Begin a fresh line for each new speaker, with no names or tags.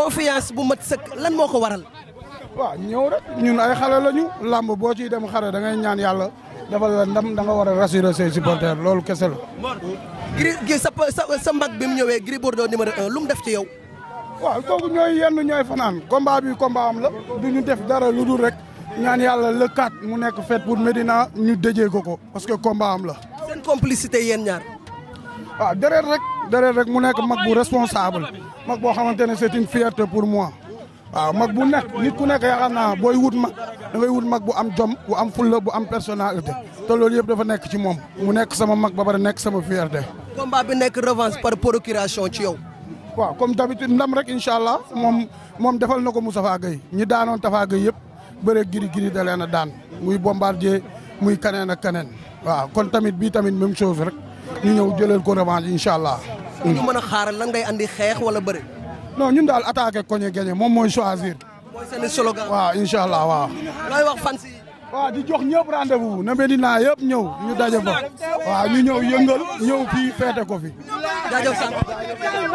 confiance bu mat sëkk lan moo ko waral. waaw ñëw rek ñun ay xale lañu làmb boo ciy dem xare da ngay ñaan yàlla defal la ndam da nga war a rassurer ses supporters loolu kese la. Gris gi sa sa mbag bi mu ñëwee Gris Bordeaux numéro un lu mu def ci yow. waaw kooku ñooy yenn ñooy fanaan combat bi combat am la du ñu def dara lu dul rek ñaan yàlla le mu nekk fête pour Medina ñu dëjee ko ko parce que combat am la. seen complicité yéen ñaar. waaw deret rek deret rek mu nekk mag bu responsable mag boo xamante ne c'est une fierté pour moi waaw mag bu nekk nit ku nekk yaakaar naa booy wut mag da ngay wut mag bu am jom bu am fulla bu am personnalité te loolu yëpp dafa nekk ci moom mu nekk sama mag ba pare nekk sama fierté. combat bi nekk revanche par procuration ci yow. waaw comme d'habitude ndam rek incha allah moom moom defal na ko mu Moustapha Gueye ñi daanoon Tafa Gueye yëpp bëre giri giri da leen a daan muy bombardier muy kaneen ak kaneen waaw kon tamit bii tamit même chose rek ñu ñëw jëleel ko revanche incha allah. ñu mën a xaaral lan ngay andi xeex wala bëri. non ñun daal attaqué koñe gagné moom mooy choisir. mooy seen slogan. waaw incha allah waaw. looy wax fans yi. waaw di jox ñëpp rendez-vous na Medina yëpp ñëw ñu daje ba waaw ñu ñëw yëngal ñëw fii feete ko fi. jaajëf